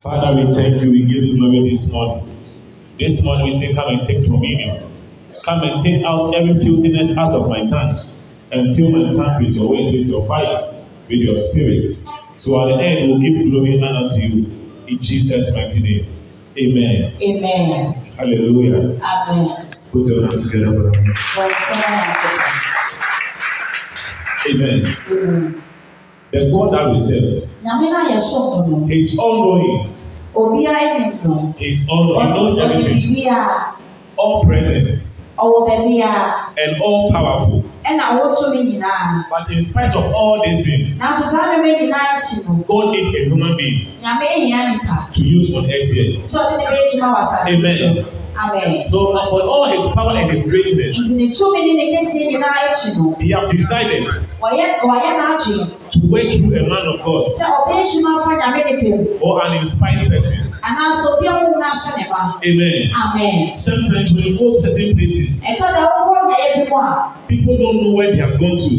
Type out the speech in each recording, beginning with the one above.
Father, we thank you. We give you glory this morning. This morning we say, Come and take dominion. Come and take out every filthiness out of my tongue and fill my tongue with your word, with your fire, with your spirit. So at the end, we'll give glory and honor to you. In Jesus' mighty name. Amen. Amen. Hallelujah. Amen. Put your hands together for a Amen. Amen. The God that we serve. Nyame na yɛ sɔfo no. He is all knowing. Obiara ni no. He is all knowing. He knows everything. Obiara. All present. Ɔwɔ baabi a. And all powerful. Ɛna wotu mi nyinaa. But in spite of all these things. Na to saa dɛmɛ nyinaa akyi no. God need a human being. Nyame ehia nipa. To use for earth here. Sɔ de ne bɛ edwuma wasa. Amen. Amen. So, upon all his power and his greatness, he has decided to wait through a man of God oh, or an inspired person. Amen. Amen. Sometimes when you go to certain places, people don't know where they have gone to.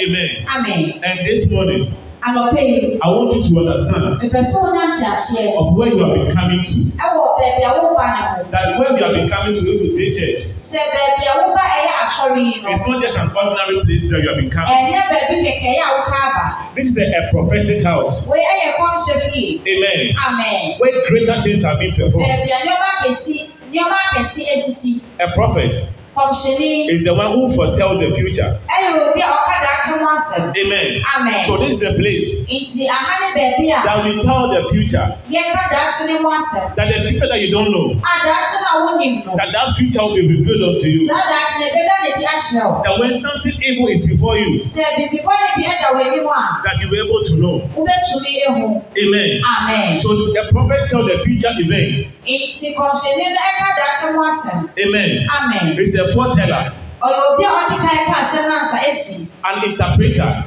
Amen. Amen. And this morning, Anọ̀pẹ́ I want you to understand. Ìbẹ̀sẹ̀ wọn ti àṣẹ. Of where you have been coming to. Ẹ wọ bẹ̀ẹ̀bì àwọn bá nà wọ̀. That where you have been coming to is the church. Ṣé bẹ̀ẹ̀bì àwọn bá ẹ̀yà àṣọrí yìí lọ? It's not just an ordinary place that you have been coming. Ẹ̀yẹ́ bẹ̀ẹ̀bì kẹ̀kẹ́ yà wọ́n ká This is a, a prophetic house. Wẹ́ ẹ̀yẹ kọ́ ṣe fi. Amen. Amen. Where greater things have been performed. Bẹ̀ẹ̀bì àyọ̀bá kẹ̀sí nneọma kẹ̀sí esisi. A prophet. Kọ̀mṣẹ́ni. Is the one who foretells the future. Ẹ̀yọ̀ bí ọ̀ Amen. Amen. So this is the place that we tell the future. That the future that you don't know. That that future will be revealed unto you. That when something evil is before you. E that you will able to know. Amen. Amen. So the prophet tell the future events. Amen. Amen. Is a foreteller. I'll interpret that.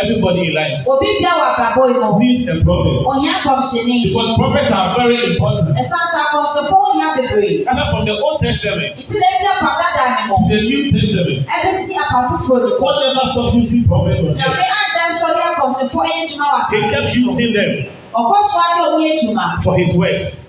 everybody in life. Obi bia wa abrabọ ikọ. Needs a prophet. Ọ̀hìn akọ̀mṣẹ́ni. Because prophets are very important. Ẹ̀sán sá akọ̀mṣẹ́fọ́ ọ̀hìn abèbèrè. That's from the old testament. Ìtìlẹ̀ jẹ́ pàgádà nìmọ̀. To the new testament. Ẹbí sí àpàtúkò ni. God never stop using prophets on earth. Ẹ̀mí àjà sọ̀rọ̀ akọ̀mṣẹ́fọ́ ẹ̀yẹ́ jùmọ̀ wá sí. He kept using them. Ọ̀kọ́ sọ adé omi ètùmá. For his works.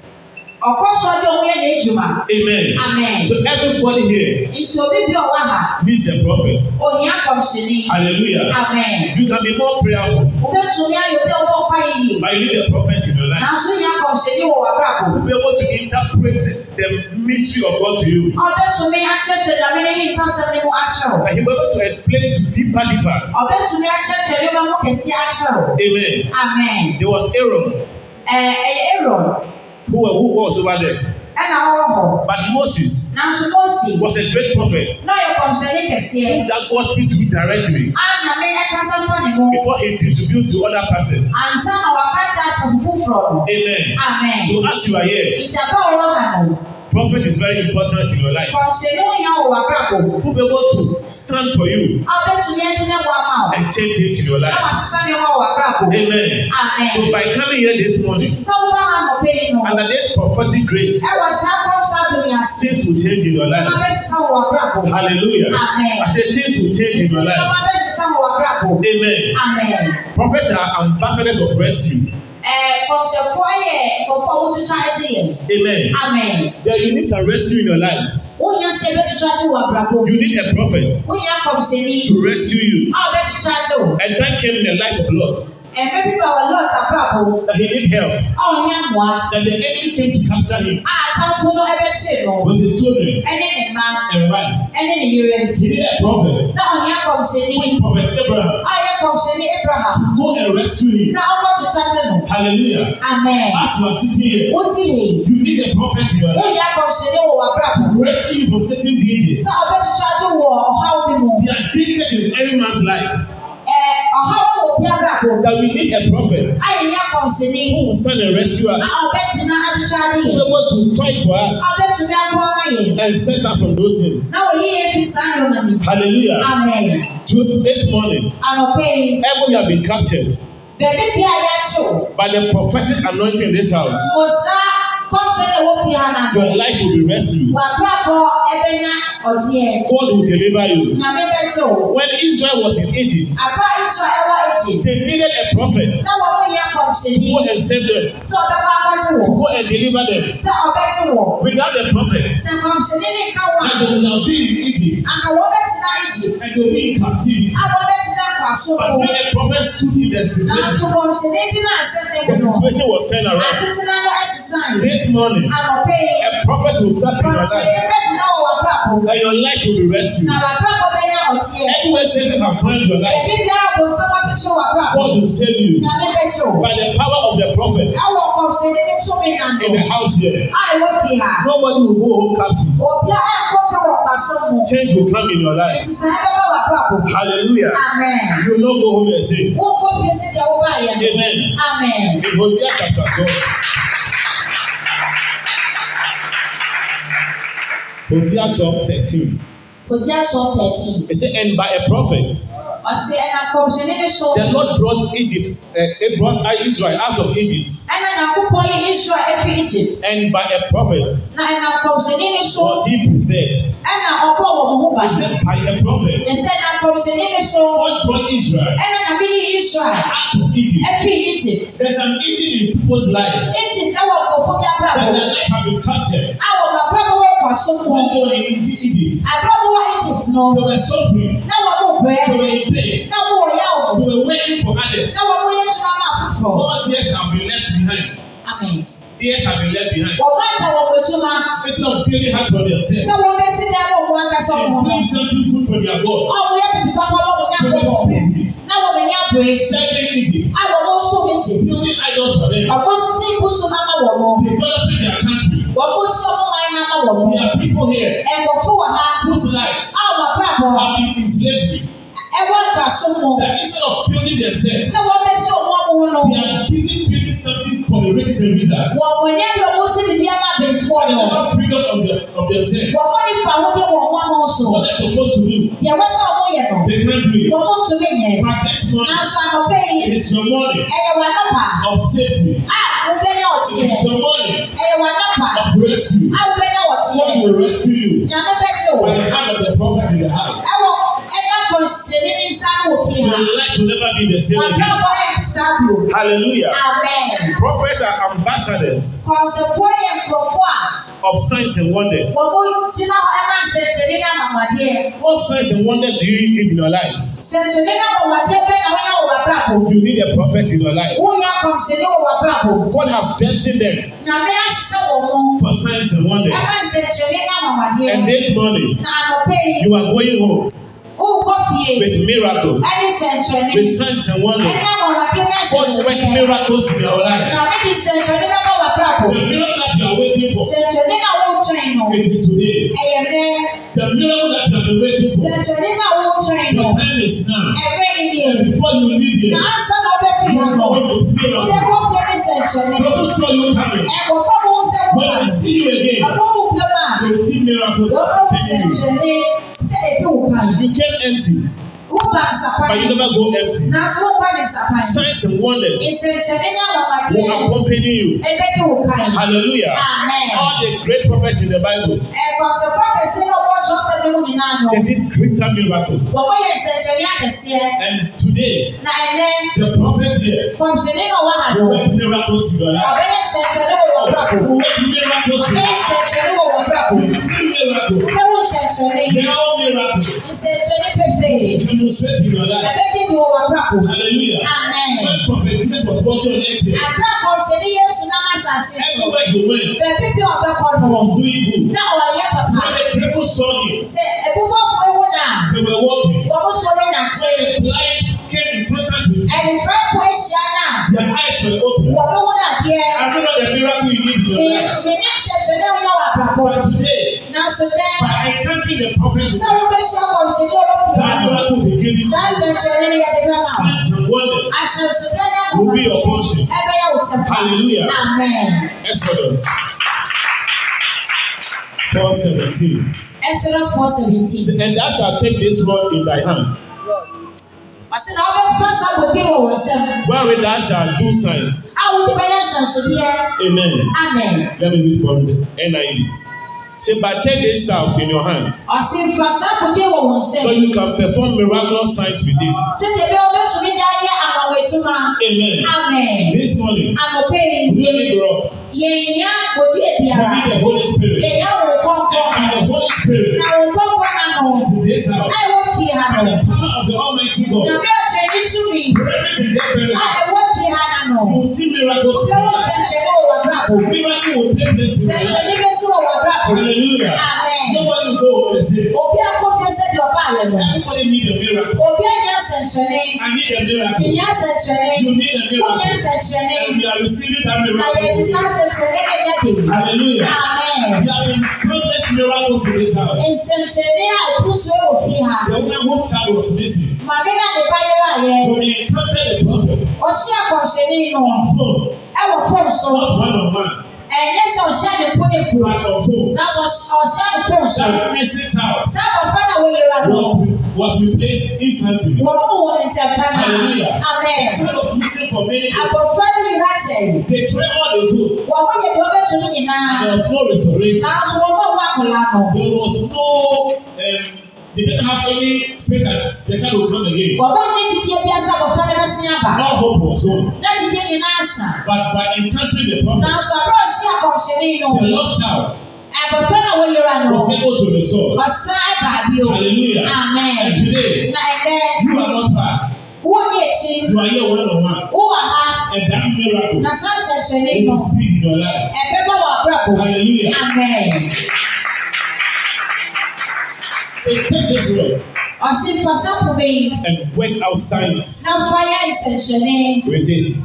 Amen. Amen. So everybody here. Nti obi bi ọwa ha. He is a prophet. Òhìn akọ̀mṣẹ́ni. Hallelujah. Amen. You can be more prayerful. O bẹ tún ní ayọ̀ bí ọwọ́ ọ̀pá yìí. But you need a prophet in your life. N'aṣọ yìí akọ̀mṣẹ́ni wọ̀ wá bàbò. You be able to interpret the mystery of God to you. Ọbẹ̀ tún mi akyẹ̀kyẹ̀ dàbí ní yìí ntàsẹ̀m ni mo akyẹ̀ o. And you be able to explain it to deeper deeper. Ọbẹ̀ tún mi akyẹ̀kyẹ̀ ní ọmọ kẹsí akyẹ̀ o. Amen. Amen. There was Aaron. Ẹ Ẹ Aaron who were who was over there. Ẹna ọwọ́ bọ̀. But Moses. Nanso Mose. Was a great prophet. N'ọyọ kọmṣẹ́lẹ̀ kẹsíẹ́. Who that gospel to directly. Anyame ẹkasa fún ni mo. Before he distribute to other persons. Ansa na wàá kàtí asompu fúrọ̀. Amen. Amen. So as you are here. Ìjàpá ọwọ́ kàn. Prophet is very important in your life. Who be able to stand for you and change things in your life. Amen. Amen. So by coming here this morning, under this prophetic grace, things will change in your life. Hallelujah. Amen. I say things will change in your life. Amen. Amen. Prophets are ambassadors of rescue. Uh, nkurɔfoɔ a wɔtwitwa agye yɛn. amen. amen. then you need to rescue in your life. wóyá sẹ bẹ tutu ati wà abrabọ. you need a prophet. wóyá kọ̀ọ̀sẹ̀ ni. to rescue you. a bẹ tutu ati o. and thank him in the life of Lot a That he need help. That the enemy came to capture him. With his children. And wife. He needed a prophet. Which prophet Abraham. To go and rescue him. Hallelujah. Amen. As you are sitting here. You need a prophet in your life. To rescue you from certain dangers. They are dangerous in every man's life that we need a prophet who will stand and rescue us. Who will to fight for us and set us from those sins. Hallelujah. Amen. To this morning, ever you have been captured by the prophetic anointing in this house. Your life will be rescued. God will deliver you. When Israel was in Egypt, they needed a prophet to go and save them, to go and deliver them. Without the prophet, and they will have been in Egypt and they will be in captivity. But when the prophet stood in the situation, the situation was turned around. This morning, a prophet will start in your life, and your life will be rescued. Everywhere Satan has planned your life, God will save you by the power of the prophet in the house here. Nobody will go home captive. Change will come in your life. Hallelujah. Amen. You will not go home and say. Amen. Amen. In Hosea chapter 12. Hosea 12 13. He said, and by a prophet. The Lord brought Egypt, uh, brought eh, Israel out of Egypt. And by a prophet was he preserved ɛna ɔbɔ wɔn ho ban. He said by a prophet. Yɛsɛ na kɔmsɛni ni so. God brought Israel. Ɛna na bi yi Israel. Out of Egypt. Ɛfi Egypt. There's an Egypt in people's life. Egypt ɛwɔ nkɔfo bi abrabɔ. That their life have been captured. A wɔ ka abrabɔ wɔ kɔ asofo. They were in Egypt. Abrabɔ wɔ Egypt no. They were suffering. Na wɔn mo brɛ. They were in pain. Na wɔn wɔ yawo. They were waiting for others. Na wɔn mo yɛ tuma ma foforɔ. God's years have been left behind. Amen. Years have been left behind. Wɔn ɛsɛ ɔbɛni ha tɔ deɛ sɛ. sɛ wɔn bɛ si dan wɔn wɔn ankasa wɔn. ɛbi nsa ti kun tɔ deɛ bɔ. a wɔn yɛ pipi papa wɔn wɔn nyɛ bɔ na wɔn wɔn nyɛ aboe. sɛbi nidi. a wɔn wɔn so mi ti. bisi idol for them. ɔbɔ sisi kusu n'ama wɔn wɔn. developing their country. wɔn bɔ si wɔn man n'ama wɔn wɔn. their people here. ɛnkɔfo wɔ ha. whose life. a wɔn abira bɔ. have been in slavery. ɛwɔ nkaso mu. that instead of building themselves. sɛ wɔn bɛ si wɔn wɔn are busy building something for the rich and wizard. wɔn wɔn nyɛ dɔn wɔn wɔn wɔ. They are of their of their sin. Wɔn bɔ ni fa wɔn yɛ wɔn wɔn wɔn so. What they supposed to do. Yɛ wɔ sɛ wɔn yɛ no. They can't do it. Wɔn wɔn tumi yɛ. But this morning. Nanso anɔpɛ yi. It is the money. Ɛyɛ wɔn anɔpa. Of safety. A ah, wo bɛ yɛ ɔteɛ. It is the money. Ɛyɛ wɔn anɔpa. Of rescue. A wo bɛ yɛ ɔteɛ. God will rescue you. Nyame bɛ ti wo. By the hand of the prophet in the house. Ɛwɔ kɔnhyɛnni ne nsa no wɔ fie ha. Your life will never be the same again. Hallelujah. Amen. Prophets are ambassadors. Kọ̀nsẹ̀pọ̀ yẹ nkurọ̀fọ̀ a. Of signs and wonders. Wọ́n gyina hɔ ɛma nsɛnkyerɛnni ne anamadeɛ. What signs and wonders do you need in your life? Nsɛnkyerɛnni ne anamadeɛ bɛyɛ na wɔyɛ wɔ w'abrabò. You need a prophet in your life. Wọ́n yà kọ̀nsẹ̀nni wɔ w'abrabò. God have destined them. Nyame ahyehyɛ wɔn mu. For signs and wonders. Ɛma nsɛnkyerɛnni ne anamadeɛ. And this morning. Na anɔpɛ yi. You are going home with miracles, with signs and wonders. God will work miracles in your life. The miracle that you are waiting for, it is today. The miracle that you have been waiting for, the time is now. Before you leave here, you are going to You it. Those who you carry, when they see you again, they will see miracles. You came empty. But you never go empty. Signs and wonders will accompany you. Hallelujah. Amen. All the great prophets in the Bible. Eh, they did great miracles. And today. Na ẹlẹ. The prophet here. Kọ̀mṣẹ̀lẹ̀ náà wà hàn. Wọ́n wẹ́n miracles yọ̀ náà. Ọ̀bẹ yẹn sẹ̀ṣẹ̀ ní wọ̀ wọ̀ bírakò. Wọ́n wẹ́n miracles yọ̀ náà. Ọ̀bẹ yẹn sẹ̀ṣẹ̀ ní wọ̀ wọ̀ bírakò. Wọ́n sí miracle. Fẹ́ràn sẹ̀ṣẹ̀ ní. Mìíràn miracle. Ìsẹ̀ṣẹ̀ ní pépè. Demonstrate yọ̀ náà. Ẹ̀fẹ́ kí ni wọ̀ wọ̀ bírakò. Hallelujah. Amen. When prophet Jesus was working on it. Àbúrò kọ̀mṣẹ̀lẹ̀ yẹn sùn náà má sàṣẹ̀. Everywhere you went. Fẹ̀ pípé ọ̀bẹ kọ nù. From doing good. Náà wọ̀ yẹ pàpà. When the people saw you. Ṣé ẹ̀bùbọ̀ fún ewu náà? They were walking. Wọ́n mú sọ Your eyes will open. I don't know the miracle you need in your life. But today, by encountering the problems, that miracle will be given to you. Signs and wonders will be your portion. Hallelujah. Amen. Exodus 4 17. Exodus 4 17. And thou shalt take this rod in thy hand ɔsi na ɔbɛfa saa gòkè wɔ wɔn Where we thou shall do signs. a wò bɛyɛ nhyɛnsodeɛ. amen. amen. let me read from the NIV. Say, but take this staff in your hand. Ọ̀sìn fàṣà kò dé wọ̀ wọ̀n sẹ́yìn. So you can perform miraculous signs with it. Ṣé tèmi ọbẹ̀ tún mi dá yẹ àwọn ìtumá? Amen. Amen. This morning. Àgùnpé yìí. Glory to God. Yẹ̀yẹ́ kò dé èbí àná. Be the Holy Spirit. Yẹ̀yẹ́ wò kọ́kọ́. And the Holy Spirit. Na wò kọ́kọ́ àná. Today's hour. Àìwọ̀ hanano. Power of the Almighty God. Nyame ɔkyɛ ni tumi. Breaking the dead burial. A ɛwɔ di hanano. Mo si miracles. Sɛwọ́n sɛnkyɛnni wɔ wà brabo. Miracle wɔ pay me. Sɛnkyɛnni bɛ si wɔ wà brabo. Hallelujah. Amen. Nobody go over there. Obi akɔfo sɛ di ɔba ayɛ no. Everybody need a miracle. Obi anya sɛnkyɛnni. I need a miracle. Nya sɛnkyɛnni. You need a miracle. Nya sɛnkyɛnni. And we are receiving that miracle. Ayɛ ti sá sɛnkyɛnni kɛnyɛ de. Hallelujah. Amen miracles in this house. Nsɛnkyerɛnne a ɛkusu wɔ fi ha. The woman who started was busy. Maame na ne ba yɛrɛ ayɛ. When he encountered the problem. Ɔhyɛ akɔmhyɛnni no. On phone. Ɛwɔ phone so. Not one on one. Ɛyɛ sɛ ɔhyɛ ne po ne po. But on phone. Na ɔhyɛ ne phone so. That missing child. Sɛ papa na wɔyɛ wa. Was was replaced instantly. Wọ́n mú wọn ní tẹ̀pá náà. Hallelujah. Amen. Child of music for many people. Àbọ̀fra ní ìlà tẹ̀. They travel the good. Wọ́n mú yẹ̀dọ̀ bẹ́ẹ̀ tún yìí náà. There There was no, um, they didn't have any faith that the child would come again. Ọ̀bọ̀n ní títí ebi ẹsẹ̀ àbọ̀fra ní bẹ́sí àbá. All hope was gone. Láti dé ní náà sàn. But by encountering the problem. Náà sọ àbúrò ṣí àkọ̀ṣe ní inú. The lost child. Àbọ̀fra náà wọ́n yẹra nù. Was able to restore. Ọ̀sán ẹ̀bà bí o. Hallelujah. Amen. And today. Na ẹ̀dẹ́. You are not far. Wọ́n ní èkyi. You are here one on one. Wọ́n wà ha. Ẹ̀dá mìíràn. Na sáà sẹ̀ṣẹ̀ ní inú. You will see in your life. Ẹ̀bẹ̀ bá wà àbúrò. Hallelujah. Amen. Ọ̀sìn fasafo bẹ́yìn. And went out signs. Na fire With it.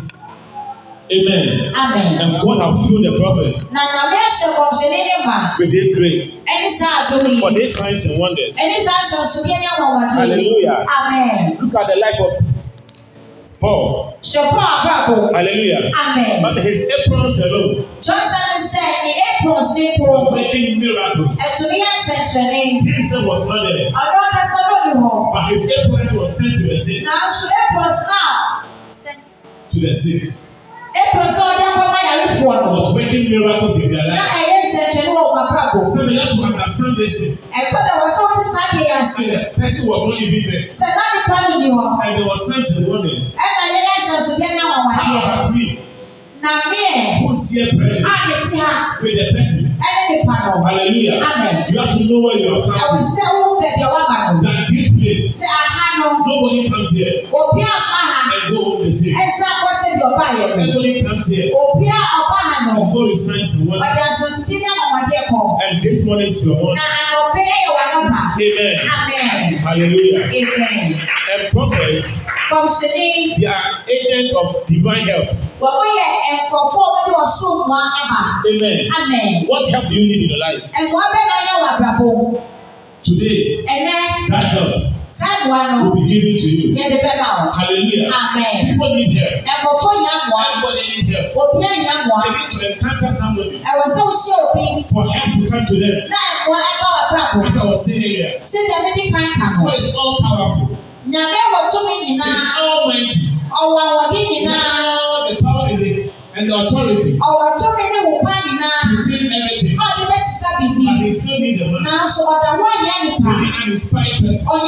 Amen. Amen. And God have filled the prophet. Na nyàmé ẹ̀ṣẹ̀ kọ̀ọ̀ṣẹ̀lẹ̀ With this grace. Ẹni sá àdóri. For these signs and wonders. Ẹni sá aṣọ̀ṣọ̀ yẹn ní àwọn wàjú. Hallelujah. Amen. Look at the life of Paul. Ṣèpọ̀ àbúràbò. Hallelujah. Amen. But his aprons alone. Johnson said the aprons dey pro. Completely miracles. Ẹ̀sùn ɛhyɛne. Himself was not ni hɔ. But his apron was sent to the sea. Nanso apron saa. To the sea. Apron saa ɔdi akɔma yarefoɔ no. Was making miracles in their life. Na ɛyɛ nsɛnkyɛnni wɔ ɔmo abrabɔ. Sɛ mi yàtò understand this. Ɛfɛ dɛ wɔ sɛ wɔte saa de yɛ ase. Sɛ person was not even there. Sɛ na nipa no ni hɔ. And there was signs and wonders. Ɛna yɛ yɛ nhyɛnsodeɛ na wɔn adeɛ. Number three. Na miɛ. Wọ́n ti yɛ pẹ̀lú. A yɛ ti ha. With the person any panel. Hallelujah. Amen. You have to know where you are coming from. Ẹ̀wọ̀n sẹ́ wọ́n bẹ̀ bí ọwọ́ àgbàdo. That this place. Sẹ́ àhánú. Nobody comes here. Òbí àpá And go home the same. Ẹ̀sán Nobody comes here. Òbí àpá kɔ. Ɔde asosisi ne anɔdeɛ kɔ. And this morning is your morning. Na anɔpɛ yɛ wɔn anɔpa. Amen. Amen. Hallelujah. Amen. And prophets. Kɔmsini. They are agents of divine help. Wọ́n yẹ ẹ̀kọ́fọ́ wọn ni ọ̀sùn wọn àbá. Amen. Amen. What help do you need in your life? Ẹ̀kọ́ bẹ́ẹ̀ náà yẹ wà àbúrò. Today. Ẹ̀nẹ́. That help. Sáàbù Will be given to you. Yẹ Hallelujah. Amen. People need help. Ẹ̀kọ́fọ́ yà mọ́ a. Everybody need help. Òbí ẹ̀ yà mọ́ a. They need to encounter somebody. Ẹ̀wọ̀n sẹ́ o òbí. For help to come to them. Náà ẹ̀kọ́ ẹ bá wà bíra bò. As I was saying earlier. Ṣé Dẹ̀mí ní kan kà mọ́? God is all powerful. Nyàmé wọ túnmí nyinaa. He is all mighty. Ọ̀wọ̀ àwọ̀dí nyinaa. Now the power in the. and the authority. Ọ̀wọ̀ túnmí ní wò pa nyinaa. To change everything. Ọ̀dí bẹ́ẹ̀ sísá bìbí. But he still need the man. N'aṣọ ọ̀dà wọ́n yẹ nípa. an inspired person.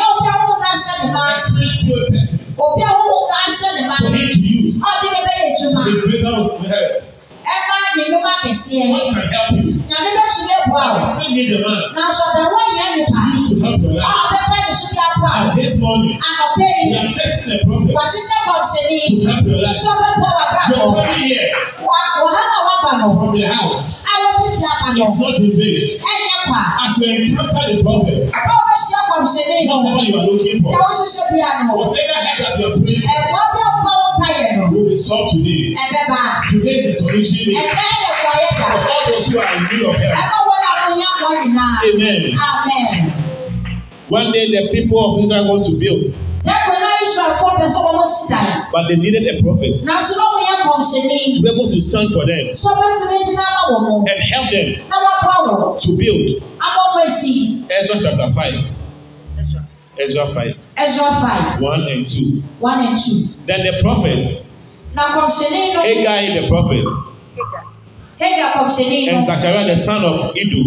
Obi a wɔn mu ahyɛ ne ba. For him to use. Ɔde ne bɛyɛ adwuma. His greater worth. Ɛma ne nnwuma kɛseɛ. God can help you. Nyame bɛtumi ebo awo. I still need a man. Na sɔdɛ wɔn yɛ nipa. to help your life. Ɔ bɛfɛ ne so de abo this morning. Anɔpɛ are testing a problem. Wahyehyɛ kɔmhyɛni. To help your life. Sɔ bɛ bɔ wa kaa. Your family here. Wa wa ha na wa ba From the house. Awo ti di aba nɔ. It's not in vain. Ɛnyɛ kwa. As you encounter are in need of help. Amen. One day the people of Israel are going to build. But they needed a prophet to be able to stand for them and help them to build. Ezra chapter 5. Ezra. Ezra 5. Ezra 5. 1 and 2. 1 and 2. Then the prophets. guy, the prophet. Hagar. Hagar kọ̀mṣẹ́ni. And Zachariah the son of Ido.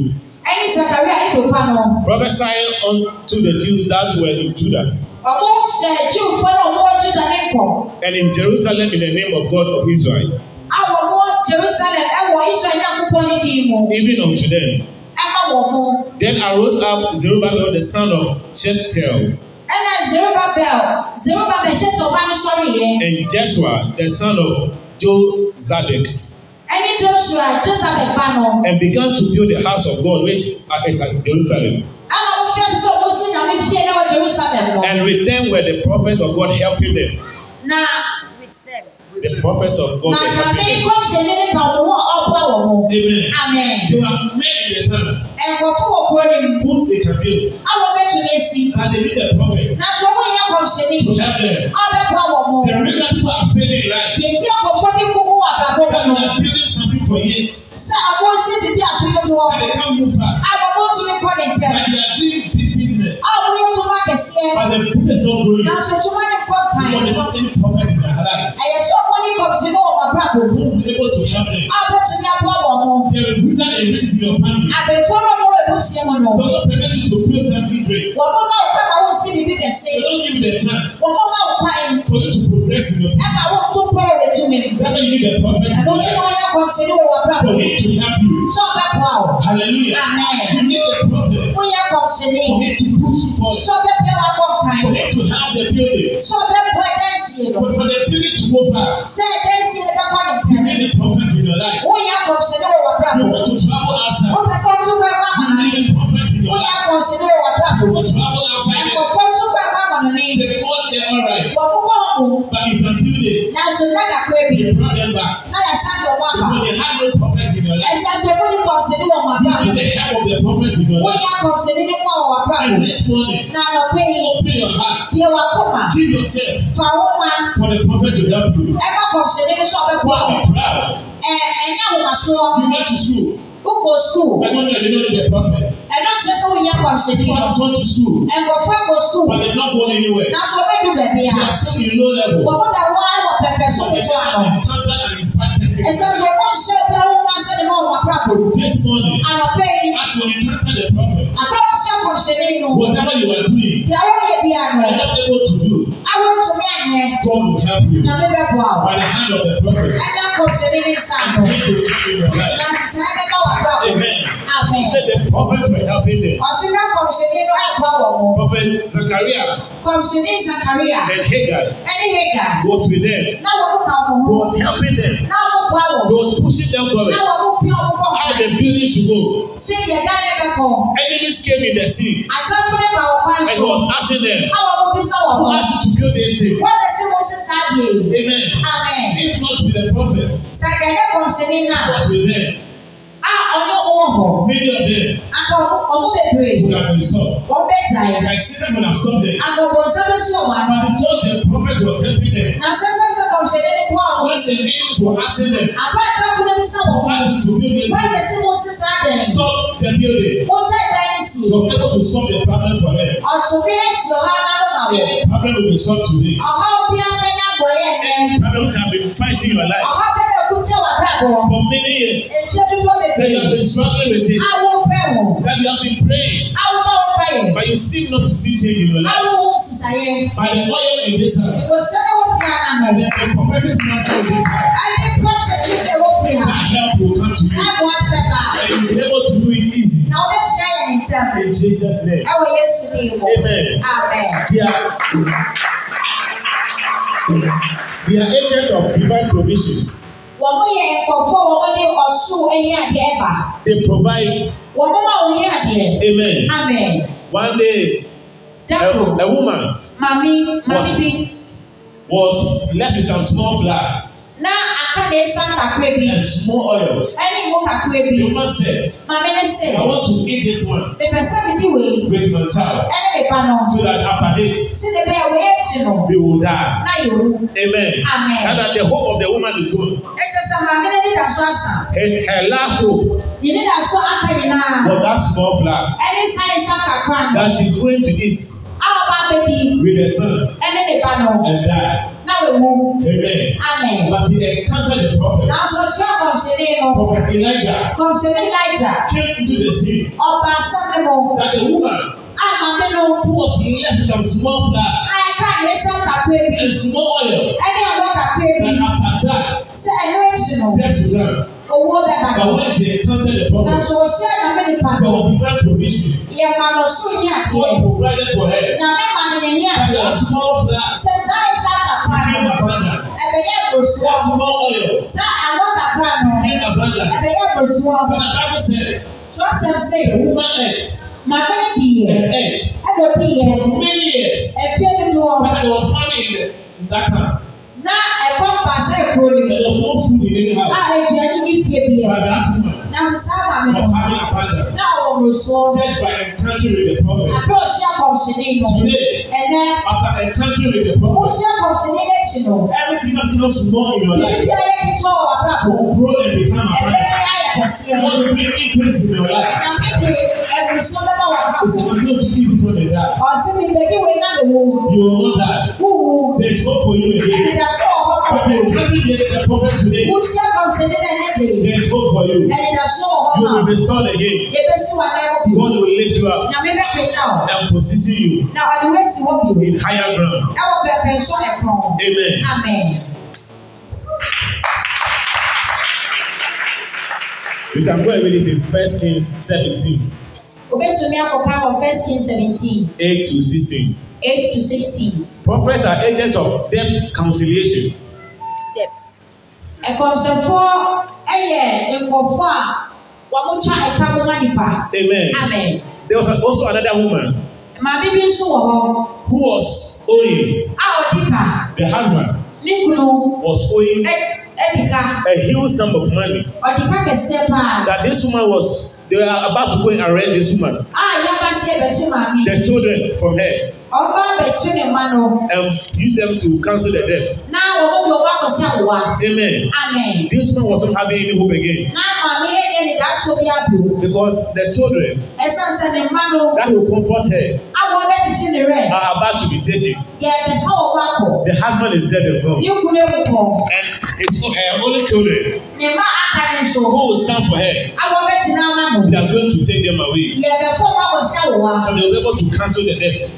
Ẹni Zachariah Ido pa Prophesy unto the Jews that were in Judah. Ọ̀pọ̀ ṣe Jew pẹ̀lú ọ̀pọ̀ Judah ní nkọ̀. And in Jerusalem in the name of God of Israel. Àwọn ọmọ Jerusalem ẹ wọ Israel náà púpọ̀ ní ti ìmọ̀. Even unto them. Ẹ má wọ̀ mọ́. Then arose up Zerubbabel the son of Shethel. Ẹna Zerubbabel Zerubbabel Shethel bá mi sọ̀rọ̀ yẹn. And Joshua the son of Jozadek ẹni Joshua Joseph ba and began to build the house of God which is at Jerusalem. Ama wọ́n fi ẹsẹ̀ sí náà wọ́n náà Jerusalem And with them were the prophets of God helping them. Na with them. The prophets of God were helping them. Na àbẹ̀yìn kọ́ ṣe nípa òun ọ̀pọ̀ wọ̀ wọ́n. Amen. They were men in the town. Ẹ̀kọ́fún òkúrò ni. Who they can build. Àwọn bẹ́ẹ̀ tún yẹ sí. And they need a prophet. Na sọ wọ́n yẹ kọ́ ṣe ní. To help them. Ọbẹ̀ kọ́ wọ̀ wọ́n. The reason people are failing in life. Yẹ for years. Sẹ́ àwọn ṣe bíbí àtúnyẹ̀wò. And they can't move fast. Àwọn ọmọ tún kọ́ ní tẹ̀. And they are doing big business. Àwọn yẹn tún wá kẹsíẹ́. And the business don grow. Na tuntun wọn ni kọ́ kan. Because they don't need profit sọ wọn ní kọ̀ọ̀tì náà wà bá bò. Who be able to help them? Àwọn tún yẹ bọ́ wọn. They will a risk in your family. Àbẹ̀fọ́ náà wọ́n èbú sí wọn nù. Don't permit you to pay something great. Wọ́n mọ́ máa kọ́ àwọn sí bíbí kẹsí. They don't give you the chance. Wọ́n mọ́ máa kọ́ ẹ̀. For you to progress in your life. Ẹ kɔnkyere wɔ w'abura for him to help you. Sọ bẹ bọ awọ. Hallelujah. Amen. You need a problem. Wọ́n yẹ kọnkyere. For him to push forward. Sọ bẹ bẹ wà bọ̀ kan. For him to have the building. Sọ bẹ bọ ẹ̀dá ẹ̀sìn lọ. But for the building to move out. Sẹ ẹ̀dá ẹ̀sìn lọ bẹ kọ́ ni tẹ̀lé. You need a problem in your life. Wọ́n yẹ kọnkyere wọ w'abura for. You want to travel outside. the help kọ̀ ṣe ní nípa ọ̀wà pàbò. this morning. Na lọ pé yìí. Open your heart. Bí ẹwà kò Give yourself. ma. For the prophet to help you. Ẹ má kọ̀ ṣe ní ní sọ bẹ́ẹ̀ bọ̀. Wọ́n be proud. Ẹ Ẹ ní àwọn àṣọ. You went to school. Who go school? I don't know if you know the prophet. Ẹ náà ṣe sọ yẹ kọ̀ ṣe ní. People go to school. Ẹ̀kọ́fẹ́ go school. But they no go anywhere. Na sọ wẹ́ẹ̀dù bẹ̀bí ya. They are still in low level ẹ̀sán sọ wọ́n ṣe ọ̀pẹ ọ̀hún náà ṣe ni wọ́n wà pàbò. this morning àròpé yìí as you encounter the problem. àbáwọ̀ṣẹ́ kò ṣe ní inú. whatever you are doing. ìyàwó yẹ bí àná. I am able to do. àwọn ìṣòro àyẹ. God will help you. na bẹ́ẹ̀ bọ̀ àwọ̀. by the hand of the prophet. ẹ̀dá kò ṣe ní ní sáà. and take the time in your life. na sísè ẹgbẹ́ bá wà pàbò. amen happy. Say the prophets were helping them. Ọ̀sìnà kọ̀mṣẹ̀dé ló àgbà wọ̀ wọ̀. Prophet Zachariah. Kọ̀mṣẹ̀dé Zachariah. And Hagar. Ẹni Hagar. Was with them. Náà wọ́n kọ́ àwọn ọmọ. Was helping them. Náà wọ́n kọ́ àwọn. Was pushing them forward. Náà wọ́n kọ́ àwọn kọ́. How the building should go. Ṣé yẹ náà yẹ bẹ kọ́? Enemies came in the sea. Àtẹ̀fúnni bá wọn wáyé. And was asking them. Àwọn ọmọ bí sáwọn ọmọ. Why did you build this thing? Wọ́n lè ṣe wọ́n ṣe sáà Amen. Amen. If not with the prophet. Sàgẹ̀dẹ̀ kọ̀mṣẹ̀dé náà. What with them? a ah, ọmọ wọ hɔ. many of them. aka ọmọ bebree. they have been stopped. wɔn bɛ ta yi. i see them when i stop them. agbɔbɔnsɛm si ɔma. but the prophet was helping them. na sɛsɛn sɛ kɔmsɛdɛ ni bɔ àwọn. when they need to ask them. àbá àtàkùn náà bí sábà. why did you build it. why dey say mo sísá dẹ̀. stop the building. wọ́n tẹ̀ ká yín sí. you are able to solve the problem for them. ọ̀tún bí ẹ̀ sì ọ̀há alárọ̀mà wọ̀. the problem will be solved today. ọ̀há obi abẹ́yà bọ̀ yẹn. problem can be fighting your life. For many years, that you have been struggling with it, that you have been praying, but you still not see change in your life. By the oil in this house, by the prophetic mantle in this house, help will come to you. And you will be able to do it easy. In Jesus' name. Amen. Amen. Yeah. We are agents of divine provision. They provide. E. Amen. Amen. One day, Dapple. a, a woman Mami, Mami was, was left with some small blood. Now, a esa ntakịrị bi. and small oil. Ẹni mụ ntakịrị bi. Your man said. Maame ne sị. I want to eat this one. Bẹ̀bẹ̀ sẹ́ mi di wei. With my child. Ẹni mi ba nọ. So that after this. Si de bẹ́ẹ̀ wei ekyi nọ. We will die. Na yẹ wu. Amen. Amen. And that the hope of the woman is gone. E kye sẹ maame ne dida so asa. In her last hope. Yìí dida so aka nyinaa. For that small plan. Ẹni sa yẹ sa kakra. That she is going to eat. Awọn bá bẹ di. With her son. Ẹni mi ba nọ. And die na we Amen. Amen. But he encountered the prophet. Na so so kọmsini no. Elijah. Kọmsini Elijah. Came into the sea. Ọba Sáfẹ́mọ̀. That the woman. Ama ah, mi no. Who was left with a small fly. Àyẹ̀ká ni ẹsẹ̀ kakra bi. A small oil. Ẹni ọwọ́ kakra bi. And after that. Sẹ ẹ̀rọ ẹ̀jì nù. Death to them. Owó bẹ̀ bá. But when she encountered the prophet. Na so ṣé ẹ̀dá mi nípa. There was divine provision. Yẹ̀ ma lọ sún ní àjẹ́. God provided for her. Na mi ma ni ní àjẹ́. And a small fly. Sẹ̀ sáyẹ̀ sáyẹ̀ abosua. Wọ́n fún mọ́ ọyọ̀. Sá àwọn kakra nù. Ẹ̀yẹ abala. Ẹ̀bẹ̀yẹ abosua. Bọ́lá bábí sẹ̀. Jọ́sẹ̀f sè. Woman ex. Màmá ni di yẹ. Ẹ Ẹ̀dọ̀ di yẹ. Many years. Ẹ̀fíẹ́ nínú ọ. And there was famine in the that time. Na ẹ̀kọ́ pàṣẹ ìkúrò ni. There was no food in any house. Ah, a ẹ̀jẹ̀ ní bí fie bi yẹ. Bàbá àfúnmọ̀. Na sábà mi. Ọ̀fà mi Confronted by encountering with the prophet. Àbúrò ṣe àkọ̀ṣìnì Today. Ẹ̀nẹ́. After encountering with the prophet. Mo ṣe àkọ̀ṣìnì lẹ́sìn nù. Everything that comes more in your life. Bí ayé ti tọ́ wà bá bò. Will grow and become a friend. Ẹ̀rẹ́ ayé àkàsí ẹ̀. God will bring increase in your life. Ẹ̀ka pípé ẹ̀rù sọ mi bẹ́ẹ̀ kí iná lè wò. Yóò wọ́n dà. Wúwo. There is hope for you again. Ẹ̀dá fọ́ happened carry the head of problem Wúṣẹ́ kan ṣe nílẹ̀ lẹ́dẹ̀. There is hope for you. Ẹ̀yin lọ sí ọ̀hún náà. You will be restored again. Ebe sí wa lẹ́rù. God will lift you up. Na mi bẹ pe náà. And position you. Na ọdún wẹ́sì wọ́n bì. In higher ground. Ẹ wọ bẹ̀rẹ̀ sọ ẹ̀kọ́. Amen. Amen. You can go and read it in First Kings seventeen. Obetumi akọkọ akọ First Kings seventeen. Eight to sixteen. Eight to sixteen. Prophets are agents of death conciliation debt. Ẹ̀kọ́nsẹ̀fọ́ ẹ yẹ nkọ̀fọ́ a wọ́n mú twa ẹ̀ka mú wá nípa. Amen. There was also another woman. Maame bi nso wɔ hɔ. Who was owing? A ɔdi ka. The husband. Ne kunu. Was owing. Ɛ ɛdi ka. A huge sum of money. Ɔdi ka kɛseɛ paa. That this woman was they were about to go and arrest this woman. A yaba se bɛkye maame. The children from her. Ɔbaa bɛkye ne ma no. And use them to cancel the debt. Na wɔn mu yɛ Amen. Amen. This man was not having any hope again. Because the children that will comfort her are about to be taken. The husband is dead as well. And it's her uh, only children who will stand for her. They are going to take them away. And they will be able to cancel the debt.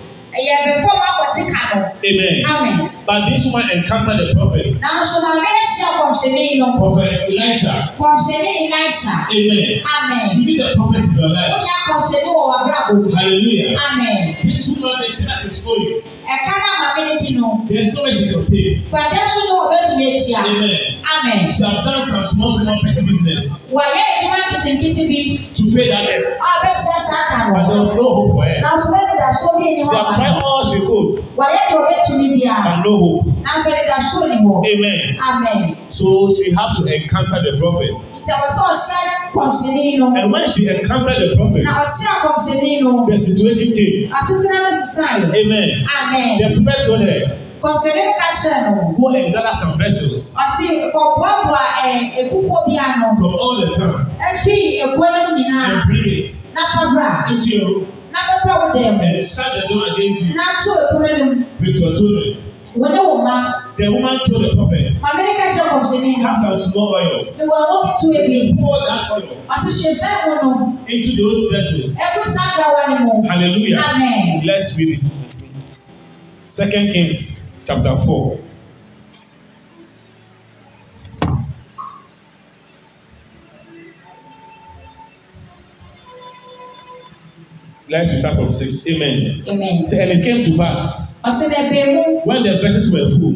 Amen. Amen. But this woman encountered the prophet. Nanso na bẹ́ẹ̀sì ọ̀pọ̀nsẹ̀mí lọ. Prophet Elisha. Pọ̀nsẹ̀mí Elisha. Amen. Amen. You be the prophet in your life. Ó yà pọ̀nsẹ̀mí wọ̀ wà bíra kò. Hallelujah. Amen. This woman dey tell us a ɛka na maame ne di no. yɛn sɛ wɔyɛ sɛ pay. gbadɛ so ni wɔn bɛtumi akyia. amen. amen. some dance and small small petty business. wɔyɛ adwuma nkitikiti bi. to pay that debt. a bɛkyerɛ saa kan but there was no hope for her. na so bɛ deda so bi ni wɔn. some try all she could. wɔyɛ deɛ ɔbɛtumi bia. but no hope. na so deda so ni wɔ. amen. amen. so she had to encounter the prophet. ìtẹ̀wọ̀sán ọ̀ṣẹ́ And when she encountered the prophet, the situation changed. Amen. Amen. The prophet told her. Kọmsẹ̀lẹ̀ ká kyerẹ́ nù. Go and gather some vessels. Ọtí kọ̀bùàbùà ẹ̀ ẹ̀kúkọ̀ bí àná. From all the town. Ẹ fi èkó ẹ̀mú nyinaa. And bring it. N'afabra. Into your room. N'afabra wò dẹ̀ mu. And shut the door against you. N'atú èkó ẹ̀mú. With your children. Wọ́n ní wò máa. The woman told the prophet. Amẹ́ríkà jẹ́ ọ̀ṣẹ́ni. Have some small oil. Ìwà ọ̀pọ̀ tún èmi. Pour that oil. Àti ṣe sẹ́kùn nù. Into those vessels. Ẹkún sábà wà ní mọ̀. Hallelujah. Amen. Let's read it. Second Kings chapter four. Let's start from six. Amen. Amen. So, and it came to pass. Ọ̀sẹ̀ dẹ̀ bẹ̀rù. When the vessels were full.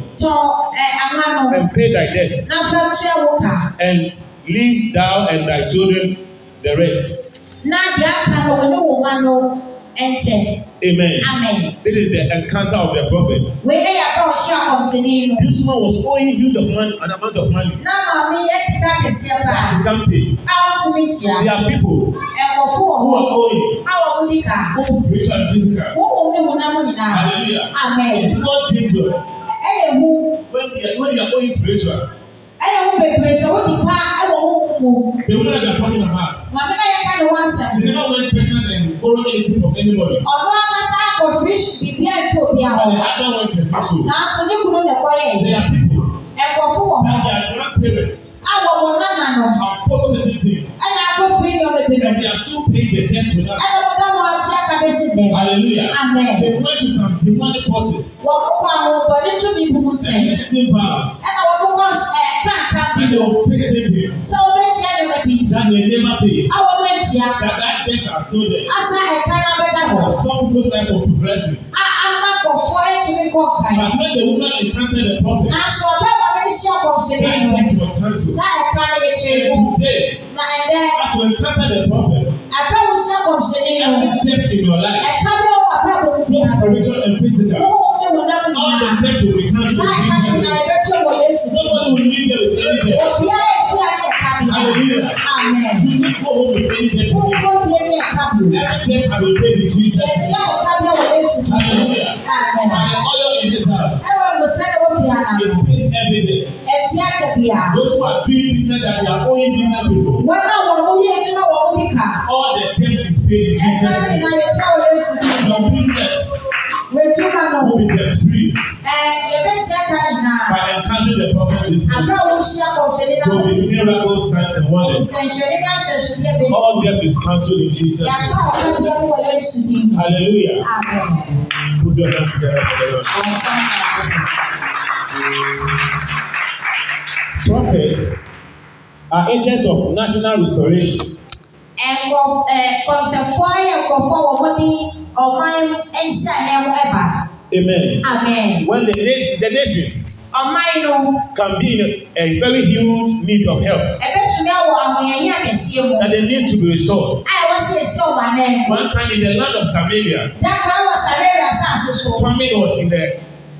Eh, and pay thy debt. And leave thou and thy children the rest. Amen. Amen. This is the encounter of the prophet. This man was owing him the man, an amount of money. Now, That's the campaign. There are people eh, who are owing both spiritual and physical. Hallelujah. Amen. It's not dangerous ɛyɛ hu. when you are when you going spiritual. ɛyɛ hu bebree sɛ wɔn nipa ɛwɔ mu. the woman that talking about. maame na yɛ ka ne wɔn asɛm. she never went pregnant and borrow anything from anybody. ɔno akasa akɔ fish bibi a ɛfɔ bi a. ɔyɛ adam went to the hospital. na so ne kunu ne kɔ yɛ. they are people. ɛkɔfo wɔ hɔ parents. nana nọ. Have positive things. Ẹna akókò yìí wọ́n bẹ̀rẹ̀. And they are still paying the debt to them. Ẹna wọn náà wọn akyẹ dẹ. Amen. They went to some demonic forces. Wọ́n kókò àwọn ọ̀bọ̀nì tún ní ibùkún tẹ̀. And everything bows. Ẹna wọ́n kókò ẹ̀ káàtà bí. they pay uh, the debt. Sọ wọ́n bẹ jẹ́ ẹ̀rọ bí. That they never pay. Awọ bẹ jẹ́. That that debt are still there. Asa ẹ̀ka náà bẹ dà wọ̀. Stop those type of progressing. A amakọ̀fọ́ ẹ̀ tún kọ̀ ká. But when the woman encountered the problem. bẹ ɛhyia kɔmhyɛnni saa ɛka ne yɛ twɛn mu na ɛdɛ ɛbɛ wo hyia kɔmhyɛnni mu ɛka bi wɔ abɛ wɔ mu bia wo ne wo nam nyinaa saa ɛka ne nyinaa yɛbɛtwɛ wɔ yesu obia yɛ fi a ne ɛka bi amen wo nkɔ fie ne ɛka bi yɛsɛ bia. Those who are doing business that they are owing business people. Wọn náà wọ̀ ọ́ yẹ ẹ̀jẹ̀ náà wọ̀ ọ́ kíkà. All the things is paid in Jesus. Ẹ̀sán sì náà yẹ ṣá wọ yẹ sùn. Your business. Wetu ka nọ. Who be the free. Ẹ ebe tí a ka nyinaa. By encountering the prophet this week. Àbúrò àwọn oṣù àpò òṣèlú náà. Will be miracle signs and wonders. Ìsẹ̀nṣẹ̀lẹ̀ náà ṣẹ̀ṣù yẹ bẹ́ẹ̀. All debt is cancelled in Jesus. Yàtọ̀ àwọn bí ẹ wọ yẹ sùn ní. Hallelujah. Amen. Put your hands together for the Lord. Awesome prophets are agents of national restoration. Ẹ̀kọ́ ẹ̀kọ́sẹ̀fọ́ ẹ̀kọ́fọ́ wọ́n ní ọ̀man ẹ̀sà ẹ̀wọ̀ ẹ̀bà. Amen. Amen. When the nation the nation. Ọ̀man nù. Can be in a, very huge need of help. Ẹ̀bẹ̀tùmí àwọ̀ àwọn ẹ̀yìn àkẹ́sí ewu. That they need to be restored. Àìwọ́ sí èso wà náà. One time in the land of Samaria. Dàgbà wọ Samaria sáà sí so. was in the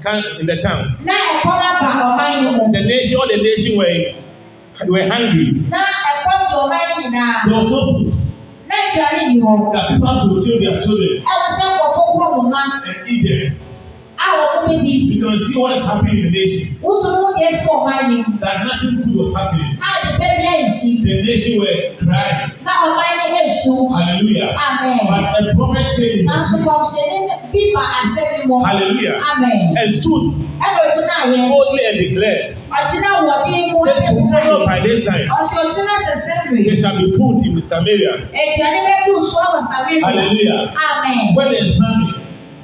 camp in the town. Na ẹ̀kọ́ bá ba ọ̀man yìí mu. The nation all the nation were were hungry. Na ẹ̀kọ́ di ọ̀man yìí náà. There was no food. Na yìí wọ̀. The people had to kill their children. Ẹ sẹ́ kọ̀ fún kúrò mọ̀ náà. And eat them. Àwọn ọmọ méjì. You can see what is happening in the nation. Wútu mú ní esi ọ̀man yìí. That nothing good was happening. A lè bẹ́ bí ẹ̀sì. The nation were crying. Na ọ̀man yìí èso. Hallelujah. Amen. But the prophet came. Na sọ̀rọ̀ ṣẹlẹ̀ Pípa àṣẹ ni mo. Hallelujah. Amen. And soon. Ẹ̀rọ ìtúná yẹn. Boldly and declare. Ọ̀jìnà wọ̀dí mú ẹ̀kú náà. Say, by this time. Ọ̀sẹ̀ ọ̀jìnà ṣẹ̀ṣẹ̀ rè. They shall be put in Samaria. Èdè ẹ̀dẹ́gbẹ̀rún fún àwọn Samaria. Hallelujah. Amen. When there is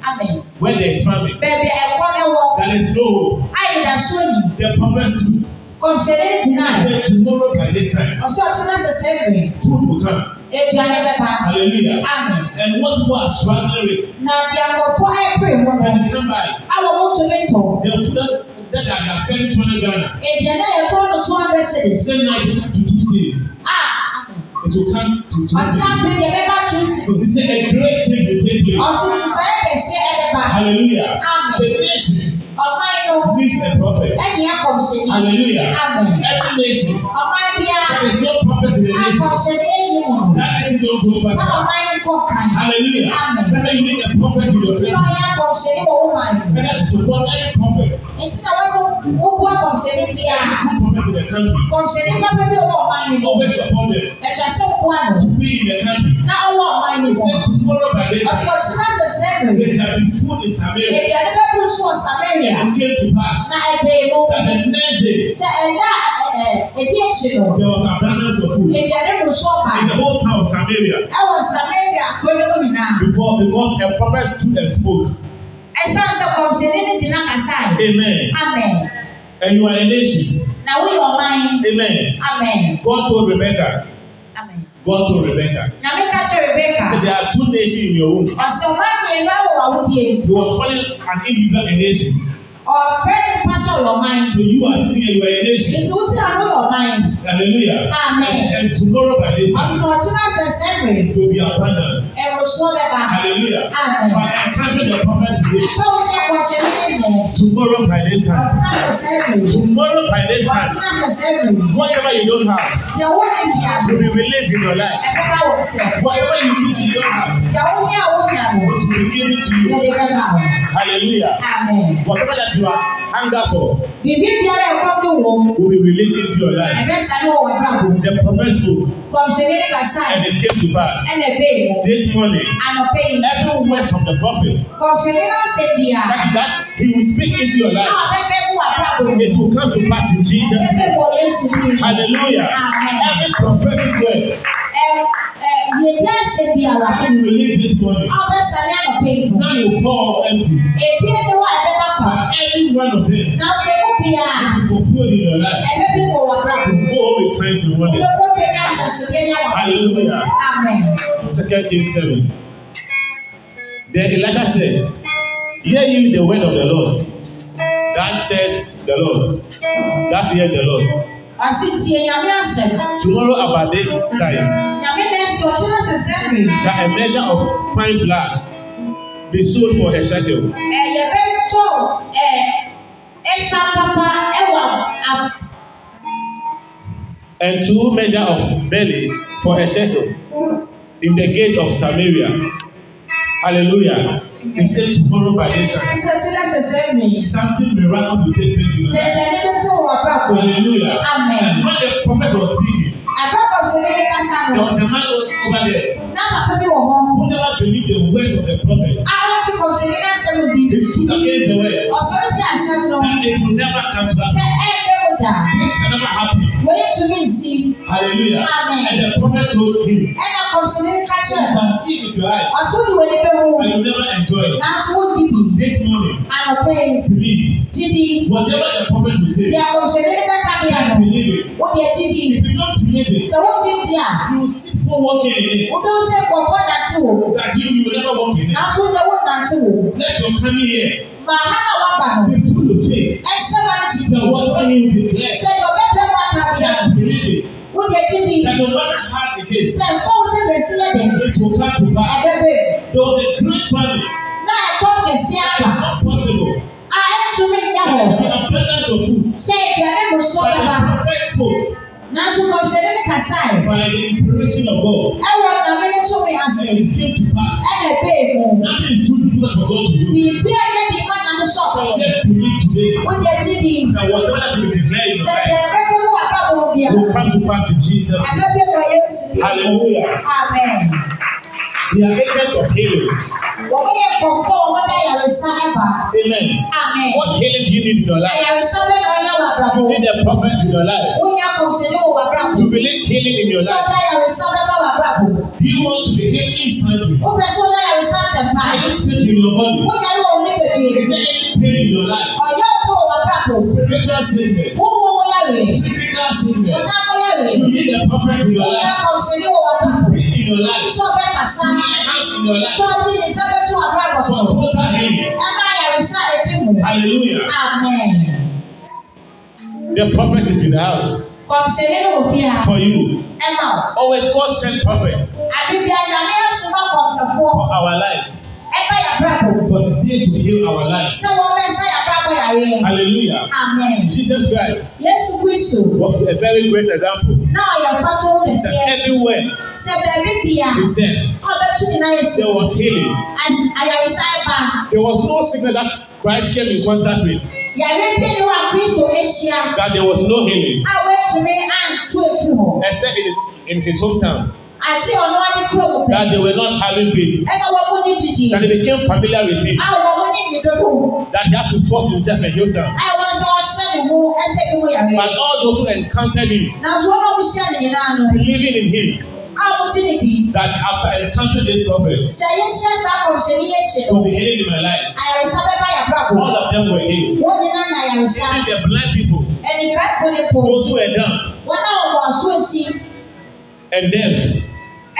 Amen. When there is famine. Bẹ̀bẹ̀ ẹ̀kọ́ ẹ̀wọ̀. There is no hope. Àyẹ̀dàsó yìí. The promise you. Kọ̀mṣẹ̀lẹ̀ jìnnà. Say tomorrow by this time. Ọ̀sẹ̀ ọ̀jìnà ṣẹ̀ṣẹ̀ rè. Food will Aduane bɛba. Hallelujah. Amen. And what was struggling with. Na di akɔfo ɛpere mu no. Ɛdi kan baa yi. Awɔ mo tumi tɔ. They put that that that seven twenty Ghana. Aduane a yɛfɔ no two hundred cities. Send my to two cities. Ah. Amen. It will come to two cities. Ɔsan pe yɛ bɛba two cities. So this is a great change to take place. Ɔsan sisan yɛ kɛse ɛbɛba. Hallelujah. Amen. The nation. Ọ̀pá inú. is a prophet. Ẹ̀yìn akọ̀mṣẹ́ni. Hallelujah. Amen. Every nation. Ọ̀pá bíá. There is no prophet in the nation. Akọ̀mṣẹ́ni ẹ̀yìn mu. That is no go back. Sábà máa ń kọ̀ kan. Hallelujah. Amen. Bẹ́ẹ̀ ni a prophet in your family. Sọ ya akọ̀mṣẹ́ni wọ̀ wọ́n máa. Bẹ́ẹ̀ ni support any prophet. Ètí náà wọ́n sọ wọ́n kú akọ̀mṣẹ́ni bíá. Kọ̀mṣẹ́ni pápá bí ọwọ́ ọ̀pá yẹn. Always support them. Ẹ̀jẹ̀ sọ kú àná. To be in the country. Náà ọwọ́ ọ̀pá yẹn wọ̀. Ọ̀sìn kọ̀mṣẹ́ni day. Sẹ ẹ̀dá ẹ̀ ẹ̀dí ẹ̀kyẹ̀ nọ. There was abundance of food. Èdìyàdé kò sọ ọ̀pá. In the whole town of Samaria. Ẹ wọ Samaria akọ́nyẹ́kọ́ nyinaa. Because because a prophet stood and spoke. Ẹ̀sán sẹ kọ̀mṣẹ́ni ní jìnnà kásá yìí. Amen. Amen. And you are a nation. Na we yẹ ọman. Amen. Amen. God told Rebecca. Amen. God told Rebecca. Nyame ká kyerè Rebecca. Say there are two nations in your womb. Ọ̀sẹ̀ wọn mìíràn wọ̀ ọ̀hún díẹ̀. You were calling an individual a nation or a praying passion of your mind. So you are sitting and you are a nation. Ètò tí a lóyọ̀ mind. Hallelujah. Amen. And tomorrow by this. Ọ̀sùn ọ̀túnà sẹ̀sẹ̀rì. It will be abundance. Ẹ̀rù sún bẹ́bà. Hallelujah. Amen. By encountering the prophet today. Ṣé o ṣe wọ̀ṣẹ̀ nílẹ̀? Tomorrow by this time. Ọ̀túnà sẹ̀sẹ̀rì. Tomorrow by this time. Ọ̀túnà sẹ̀sẹ̀rì. Whatever you don't have. Yàwó ni bí a. be released in your life. Ẹ̀kọ́ bá wọ̀ sẹ̀. Whatever you need to don't have. Yàwó ni àwọn ìyàwó. It will be given to Hallelujah. Amen you are hunger for. Bìbí biara ẹ̀kọ́ tó wọ̀. Will release released into your life. Ẹ̀fẹ́ sáré wọ̀ wàdúrà bò. The promise book. Kọ̀mṣẹ́gẹ́ ní kàsá. And it came to pass. Ẹnna ẹ̀bẹ̀ yìí. This morning. Ànọ̀pẹ̀ yìí. Every word of the prophet. Kọ̀mṣẹ́gẹ́ náà ṣe bìyà. That that he will speak into your life. Náà fẹ́fẹ́ wọ̀ wàdúrà bò. It will come to pass in Jesus. Fẹ́fẹ́ wọ̀ Yéṣu ní. Hallelujah. Every prophetic word. Ẹ ẹ bí a ṣe bí ara. will release this morning. Ọbẹ̀ sani ànọ̀pẹ̀ yìí. Now you call empty. Èbí ẹni wà one of them. Na so ko bia. Ko fuo ni na la. Ebe bi ko wa bra. Ko o be friends in one day. Ko ko bia na so so bia Hallelujah. Amen. Second King seven. Then Elijah said, Hear you the word of the Lord. That said the Lord. That said the Lord. Asi tie nyame asɛm. Tomorrow about this time. Nyame na esi ɔkyerɛ sɛsɛ mi. Shall a measure of fine flour be sold for a shekel? Ɛyɛ bɛ tó ɛ ɛsa papa ɛwɔ ab. And two measure of barley for a circle in the gate of Samaria. Hallelujah. He said tomorrow by this time. Something miraculous will take place in your life. Hallelujah. Amen. And when the prophet was speaking. Àbúrò ṣe ní kíkà sáà. There was a man over there. Who never believed the words of the prophet ọ̀sìnrin ẹsẹ̀ mi bí. The food that made the way. Ọ̀sọ̀rọ̀ tí a lọ. That it will never come back. Sẹ́ This can never happen. Wọ́n yẹ tún mí sí. Hallelujah. Amen. And the prophet told him. Ẹnna ọ̀sìnrin kàchẹ́. You shall see with your eyes. Ọ̀sùn ni wọ́n yẹ bẹ́ẹ̀ never enjoy it. N'afọ dìbì. This morning. Àlọ́pẹ́. Believe. Jídí. Whatever the prophet will say. Ìyàwó ìṣẹ̀lẹ̀ ní bẹ́ẹ̀ kábíyà. Believe it. Wọ́n yẹ jídí. If you don't believe it. Sọ wọ́n jídí à. Wọ́n wọ́n kiri ni. Wọ́n sẹ́ kọ̀ọ̀kan dàtí wò. Dàtí yìí wò lẹ́nu wọ́n kiri. N'afọ ìnáwó dàtí wò. Let your money here. Mà ha náà wà bà. Be full of faith. Ẹ ṣẹ́ wa jì. The word wey you declare. Sẹ́yọ̀ bẹ́ẹ̀ bẹ́ẹ̀ wà kàbí. Can believe it. Wọ́n yẹ kí ni. And no matter how it is. Sẹ́ fún ṣe lè sílẹ̀ dẹ̀. It will come to pass. Ẹ bẹ́ẹ̀ bẹ́ẹ̀. Though the great family. Náà ẹ̀kọ́ kẹ̀sí àgbà. It's not possible. À ẹ̀ tún mi yà wọ̀. The abundance of food. Sẹ́ ìgbà rẹ̀ mo sọ nanso kɔmsɛnni ne kasae. by the inspiration of God. ɛwɔ nyame ne tumi ase. and it came to pass. ɛna ebee mu. nothing is too difficult for God to do. biribi a yɛ di ma nyame sɔ bɛyɛ. take believe today. o de ti di. na whatever you declare in your life. sɛ ɛbɛ kó wà bá wò bia. will come to pass in Jesus. ɛbɛ bɛ wɔ yesu. hallelujah. amen. they are agents of healing. Amen. Amen. What healing do you need in your life? You need a prophet in your life. You believe healing in your life. Do you want to be healed instantly? Are you sick in your body? Is there any pain in your life? Spiritual sickness. Physical sickness. You need a prophet in your life. To speak in your life. To enhance in your life. Hallelujah. Amen. The prophet is in the house. For you. Always God sent prophets. For our life. For they to heal our lives. Hallelujah. Amen. Jesus Christ. Yes, Christ. Was a very great example. Now, everywhere sɛ baabi bia ɔbɛtu nyinaa yɛ si. there was healing. ayaresa ɛba. there was no sickness that Christ came in contact with. yàrá bí ni wà kristo ehyia. that there was no healing. a wetumi anto efi hɔ. except in, in his hometown. Àti ọ̀nà wa ní kúròmù pẹ̀lú. That they were not having faith. Ẹ̀ka wọ́n kún ní jìjì. That they became familiar with him. Àwọn ọmọ ní ìdodo. That they have to trust himself and himself. Àwọn ọ̀sán ọ̀ṣẹ́ ni mo ẹsẹ̀ ìwé yàrá. But all those who encountered him. Nà sọ́wọ́n mi ṣẹ́ nìyẹn náà nù. Believing in him opportunity. That after encountering this prophet. Sẹ yẹ ṣe ní ẹ̀ṣẹ̀. To be healed in my life. Àyàrísá bẹ́ẹ̀ bá yàgbọ́ àpò. All of them were healed. Wọ́n ní náà ní Even the blind people. Ẹni fẹ́ẹ́fọ́ ni po. Those were down. Wọ́n náà wọ̀ àṣọ èsì. And them.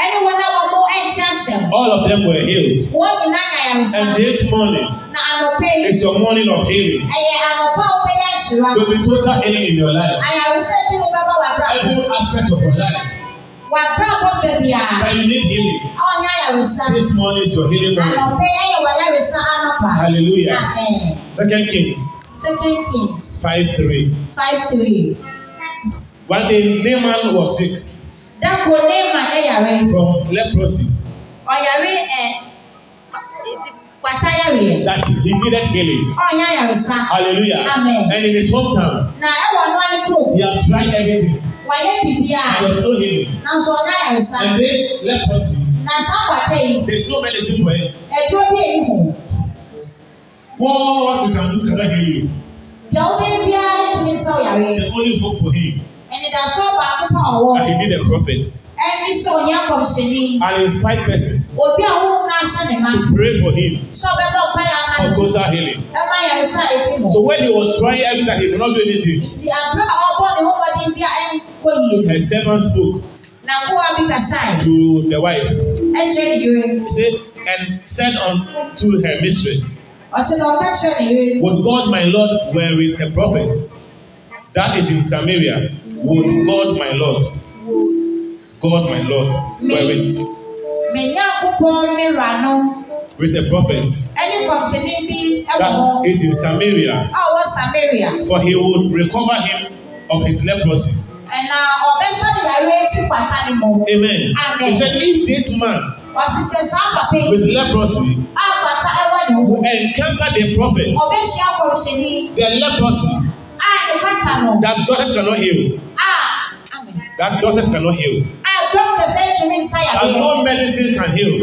Ẹni wọn náà wọ̀ mú ẹ̀ǹtí àṣẹ. All of them were healed. Wọ́n ní náà ní And this morning. Na ànọ̀pẹ́. It's your morning of healing. Ẹ̀yẹ ànọ̀pẹ́ òbẹ́yà ṣùgbọ́n. To be total healing in your life. Àyàrísá ẹni mo bá bá wà Every aspect of your life. Wà á bẹ̀rẹ̀ bọ̀ fẹ̀ bíà. That you need This morning is your healing morning. Ànọ̀pẹ́ ẹ̀yẹ̀ wà ayàwòsá ànọ̀pà. Hallelujah. Amen. Second Kings. Second Kings. Five three. Five three. One day Naaman was sick. Dàpọ̀ Naaman ẹ̀yàrá. From leprosy. Ọ̀yàrá ẹ̀ Watayari. That he needed healing. Oh, yeah, yeah, Hallelujah. Amen. And in his hometown. Now, I want one He had tried everything wàyẹ bìbí a nanso ọ̀nà àyànsa na sábàtà yìí ẹ̀dúró bí èyí mọ̀. More what you can do cannot heal you. Deɛ wobɛyɛ biara ntumi nsa wo yare. The only hope for him. Ɛnidaso baako pa ɔwɔ. I can be the prophet. Ɛni sɛ ɔnyɛ akɔmhyɛni. An inside person. Obi a wɔn mu n'ahyɛ ne ma. To pray for him. Sɛ ɔbɛka ɔpa yɛ ama. For total healing. Ɛma yɛresa ebi mu. So when he was trying everything he could not do anything. Nti abira a ɔbɔ ne ho bɔden Her servant spoke. To the wife. E he said, and said unto her mistress. Would God my Lord were with a prophet that is in Samaria? Would God my Lord, God my Lord, were with with a prophet that is in Samaria. Samaria, for he would recover him of his leprosy. Uh, amen. Amen. He said, if this man with leprosy who encountered the prophet, the leprosy that daughter cannot heal. Ah, amen. That daughter cannot heal. say to me, That no medicine can heal.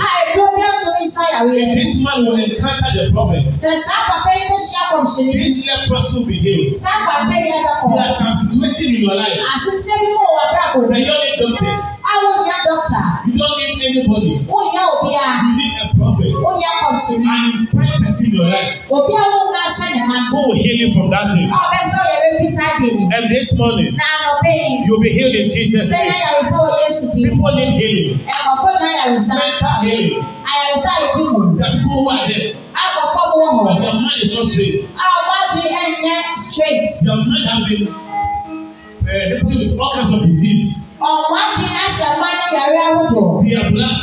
Isaiah wíyẹn. If this man will encounter the prophet. Sẹ sá pàpẹ́ yìí kò ṣe àkọ̀mṣẹ́ni. This leper will be healed. Sá yẹn bẹ kọ̀. There are some situations in your life. Àṣìṣe bí kò wà bá kò. But you don't need doctors. Àwọn ìyá dọ́kítà. You don't need anybody. Ó yẹ òbí a. You need a prophet. Ó yẹ àkọ̀mṣẹ́ni. An inspired person in your life. Òbí àwọn ọ̀nà aṣẹ́ ni máa. Who will heal you from that thing? Ọ̀bẹ sọ̀rọ̀ ẹ̀rẹ́ bí sáàdì. And this morning. Na àná bẹ́ẹ̀ ni. You'll be healed in Jesus' name. Bẹ́ẹ̀ ni àyàwó sọ̀rọ̀ Yéṣu People need healing. Ẹ̀kọ́ fún yàrá ìsá. Mental healing. Àyàwó side. The people who are there. Akọ̀fọ́ wọn wọ̀. But their mind is not straight. Àwọn bá jí ẹ̀yẹ straight. Their mind have been uh, people with all kinds of disease. Ọ̀wá jí ẹ̀ṣẹ̀ máa ní yàrá àwùjọ. They are black.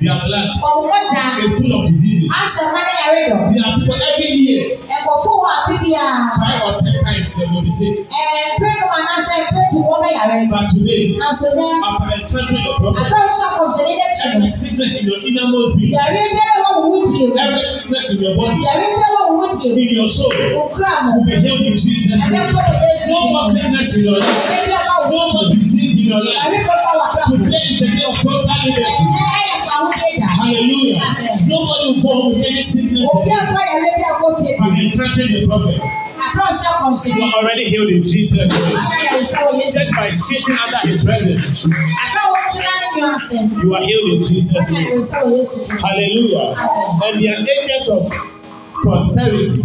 They are black. Ọ̀wọ́ jà. A full of disease. A máa ní yàrá ìdọ̀. They are people every year. Ẹ̀kọ̀fọ́ wọn àfi bí i à. Five or ten times they will be sick. Ẹ̀ẹ́ yare. But today, after encountering your problem, every sickness in your innermost being, every sickness in your body, in your soul, will be healed in Jesus' name. No more sickness in your life, no more disease in your life. Today is the day of total liberty. Hallelujah. Nobody will fall with any sickness. By encountering the problem. You are already healed in Jesus. Just by sitting under His presence. You are healed in Jesus' Hallelujah. And the angels of prosperity.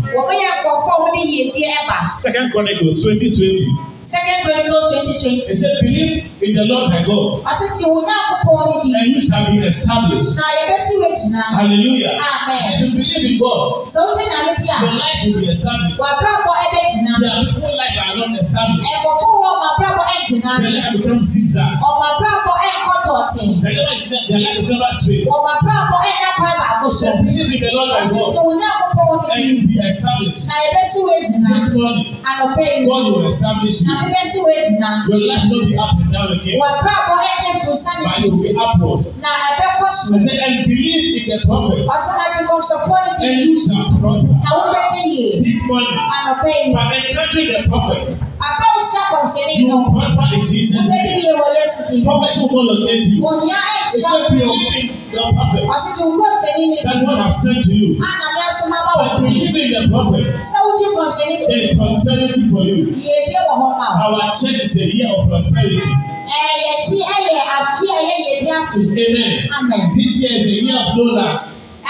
Second Chronicles 2020. Second Chronicles 2020. He said, believe in the Lord my God. Asante wo Nyankopɔn ni di. And you shall be established. Na yɛ bɛ si wo gyina. Hallelujah. Amen. If you believe in God. Sɛ o ti na ne di a. Your life will be established. Wa brabɔ ɛbɛ gyina. There are people life are not established. Ɛkɔfo wɔ ma brabɔ ɛgyina. Their life become zigzag. Ɔma brabɔ ɛkɔ tɔɔtin. Their life is their life is never straight. Ɔma brabɔ ɛna kwan baako so. So believe in the Lord my God. Asante wo Nyankopɔn ni di. And you be established. Na yɛ bɛ si wo gyina. This morning. God will establish you. Your life no be up and down anoke. Wà á bá Na ẹ̀bẹ̀ kọ́ sùn. I say and believe in the prophet. And you shall prosper. Àwọn bẹ́ẹ̀ jẹ́ yìí. This morning. yìí. By encountering the prophet concerning you. You will prosper in Jesus. Mo fẹ́ kí iye wọlé sí i. Poverty will not locate you. Kò ní ayé tí wọ́n fi hàn mí. Your problem. Àṣìṣe òwúrọ̀ ṣe ní níbi. That God have sent to you. Àgàmì asọ́mọ́ bá wọ̀ sí. But you live in the problem. Sáwùjì kan ṣe ní. There is prosperity for you. Iye díẹ̀ wọ̀ wọ́n pa. Our church is a year of prosperity. Ẹ̀yẹ̀ tí ẹ̀yẹ̀ àfi ẹ̀yẹ̀ yẹ̀ dí àfi. Amen. Amen. This year is a year of no lack.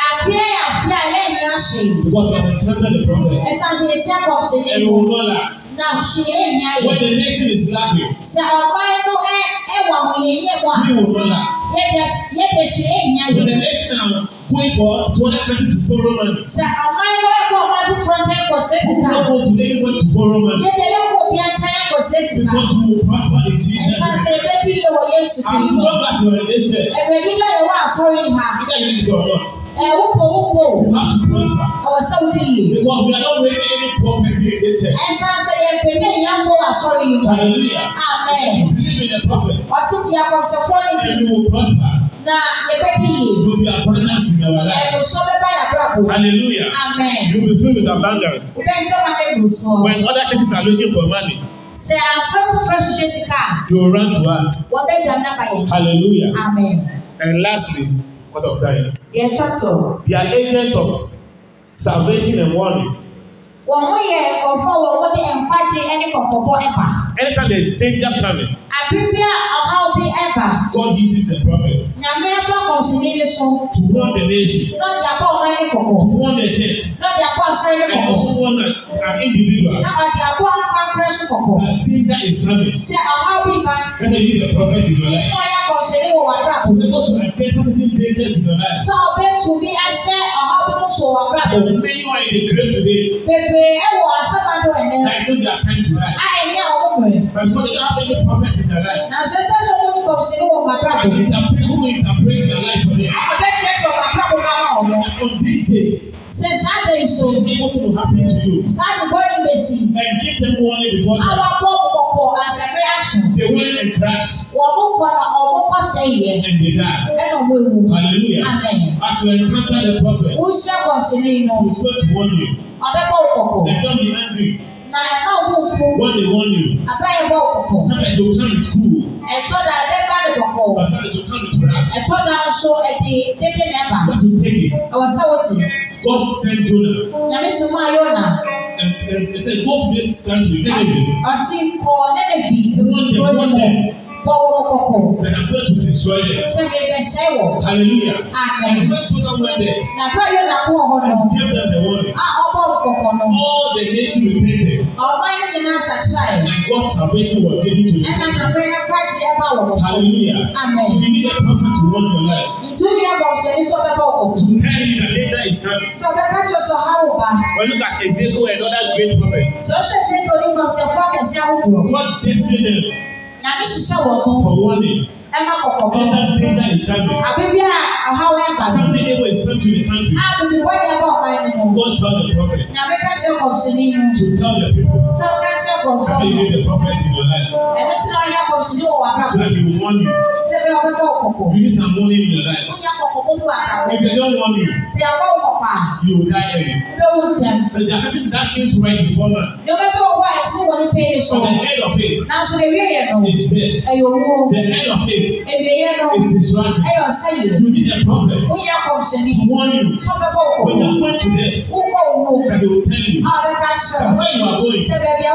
Àfi ẹ̀yẹ̀ àfi ẹ̀yẹ̀ mìíràn ṣe. Because we have encountered the problem. Ẹ̀sán ti ṣe é kọ́ ṣe ní. Ẹ̀rù na hyia nya yɛ. when the nation is laughing. sɛ ɔman no ɛ ɛwɔ ahoyɛyɛ mu a. we will not laugh. yɛda yɛda hyia nya yɛ. for the next time going for to other country to borrow money. sɛ ɔman no ɛkɔ ɔman foforɔ nkyɛn kɔ sɛ sika. we no go to to borrow money. yɛda yɛkɔ obi nkyɛn kɔ sɛ sika. because we will prosper in Jesus. ɛsan sɛ ebedi yɛ wɔ yesu kristu. as long as you are in this church. ɛwɛ bi na yɛ wɔ asɔre ha. either you need it or not ẹ̀wọ́ pọ̀wọ́pọ̀ ọ̀wọ́ sáwùdí yìí. because we are not raising any poor person in this church. ẹ̀sán ṣe yẹ pèjẹ́ ìyàwó àsọ̀rọ̀ yìí. hallelujah. amen. if you believe in the prophet. ọtí ti àkọsẹ̀ you will prosper. na yẹ̀bẹ̀ kí yìí. you will be abundance in your life. ẹ̀rù sọ bẹ́ẹ̀ bá hallelujah. amen. you will be filled with abundance. ìbẹ́ sọ ma kẹ́ bùrù when other churches are looking for money. Sẹ asọ́fún fẹ́ ṣiṣẹ́ sí ká. will run to us. Wọ́n bẹ́ẹ̀ jẹ́ ọ̀nà báyìí. Hallelujah. Amen. And lastly. What of time? Their chapter. Their agent of salvation and warning wɔn yɛ nkɔfɔ wɔn mo de nkwagye ɛne kɔkɔbɔ ɛba. anytime there is danger coming. abibi a ɔhaw bi ɛba. God uses a prophet. nyame ɛfɔ kɔnsini ni so. to warn the nation. lɔdi akɔ ɔman ni kɔkɔ. to warn the church. lɔdi akɔ asɔrɔ ni kɔkɔ. and also warn an individual. na ɔdi akɔ akɔrɔ so kɔkɔ. that danger is coming. sɛ ɔhaw bi ba. when you need a prophet in your life. sɔ yɛ to be able to identify dangers in your life. sɛ ɔbɛ to our brother. Many are in the grave today. Bèbè ẹ̀wọ̀ àsámadọ̀ ẹ̀ náà. I know their time to rise. Ayé ní àwọn ọmọ rẹ̀. But God dey have any prophet in their life. Na ṣe sẹ́sọ̀ fún mi kọ̀ọ̀sì ní wọn bàbá bò. I interpret who interpret their life for them. Abẹ́ church of bàbá bò máa wà ọ̀nà. On this date. Ṣé sáà lè so? What will happen to you? Sáà lè bọ́ ní gbèsè. And give them warning before them. Àwọn akọ for as a reaction. They went and crashed. Wọ́n mú kọ́ na ọmọ kọ́ sẹ́yìn yẹn. And they died. Ẹnna ọmọ ewu. Hallelujah. Amen. As you encounter the prophet. Wọ́n ṣe kọ̀ ṣe ní inú. He is going to warn you. Ọbẹ̀ bọ̀ kọ̀kọ̀. They don't be angry. Na ẹ̀ka òkú fún. What they warn you. Àbáyé bọ̀ kọ̀kọ̀. Sábẹ̀ tó kàn ní school. Ẹ̀tọ́ da ẹ̀bẹ̀ bá lè kọ̀kọ̀. Sábẹ̀ tó kàn ní brag. Ẹ̀tọ́ da nso ẹ̀dì dédé nẹ́ẹ̀bà. Wọ́n ti take it. Ẹ̀wọ̀n sáwọ́ tì. God send Jonah. Nyàmísùnmọ́ Ayọ́nà and and say go to this country Nineveh. àti kọ Nineveh. one day one day. And I'm going to destroy them. Hallelujah. Amen. And the man went there. And gave them the warning. Ah, All the nation repented. And God's salvation was given to them. Hallelujah. Amen. You need a prophet to run your life. Ìtúni ẹ̀bọ̀ ọ̀sẹ̀ni sọ bẹ́ẹ̀ bọ̀ ọkọ̀. To tell you that later is coming. Sọ bẹ́ẹ̀ bá jọ sọ ha wò bá. When you look at Ezekiel and other great prophets. Sọ ṣe ṣe kò ní kọ̀ ṣe fọ́ kẹ̀sí àwùjọ. God tested them nyame hyehyɛ wɔn ho. for warning. ɛma kɔkɔ bɔ. ɛna danger is coming. abebi a ahaw yɛ ba. something evil is coming to the country. a bibi bɔ deɛ bɔ ɔman ne mu. God tell the prophet. nyame ka kyerɛ kɔmsini mu. to tell the people. sɛ ɔka kyerɛ kɔmsini mu. how you need the prophet in your life. ɛno ti na ɔyɛ sini wɔ w'abra will warn you. You need some money in your life. Wọ́n yà kɔkɔ kó ní If they don't warn you. Tí a bá You will die early. Bẹ́ẹ̀ wò But there are certain that seems right before man. Yọ bẹ bẹ owó àyè sí wọlé the end of it. N'aso ewé yẹn nọ. Is dead. The end of it. Ebe yẹn nọ. Is distraction. You need a problem. Wọ́n yà kọ̀ sẹ́ni. To warn you. Sọ bẹ bọ kɔkɔ. When you go to them. Wọ́n kọ̀ wọ́n. They will tell you. Àwọn Where you are going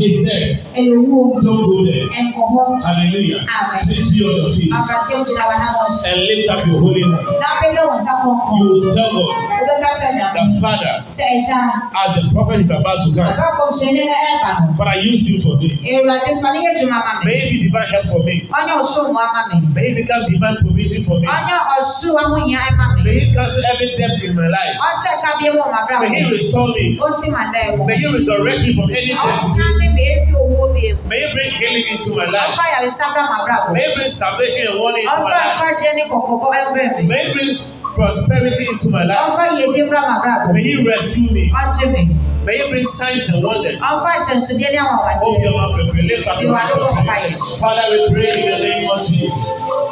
is there. Ẹyọ wo. Don't go there. Ẹ̀kọ́ hó. Hallelujah. Amen. Lift your feet. Àfàṣe òjìlá wa náà wọ́n And lift up your holy hand. Lábẹ́lẹ̀ wọ̀n sá You will tell God the father as ah, the prophet is about to come. But I use you for this. Maybe divine help for me. May it become divine provision for me. May it cancel every debt in my life. May he restore me. May he resurrect me from any destitution. May he bring healing into my life. May he bring salvation and warning into my life. May he bring prosperity into my life. May He rescue me. May He bring signs and wonders. Hope you're not prepared. Lift up your hands. Father, we pray in the name of Jesus.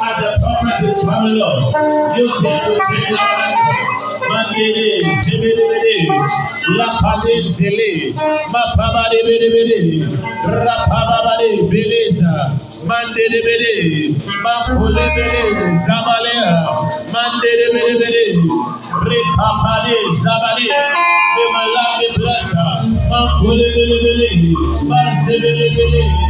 As the prophet is coming up, you take the train Mandele, Zebedebede, Lapade Zele, Mapabade Bedebede, Rapabade Beleza mandelebele makolebele zabale mandelebelebele repapale zabale bemalande plaza makolebelebele mazebelebele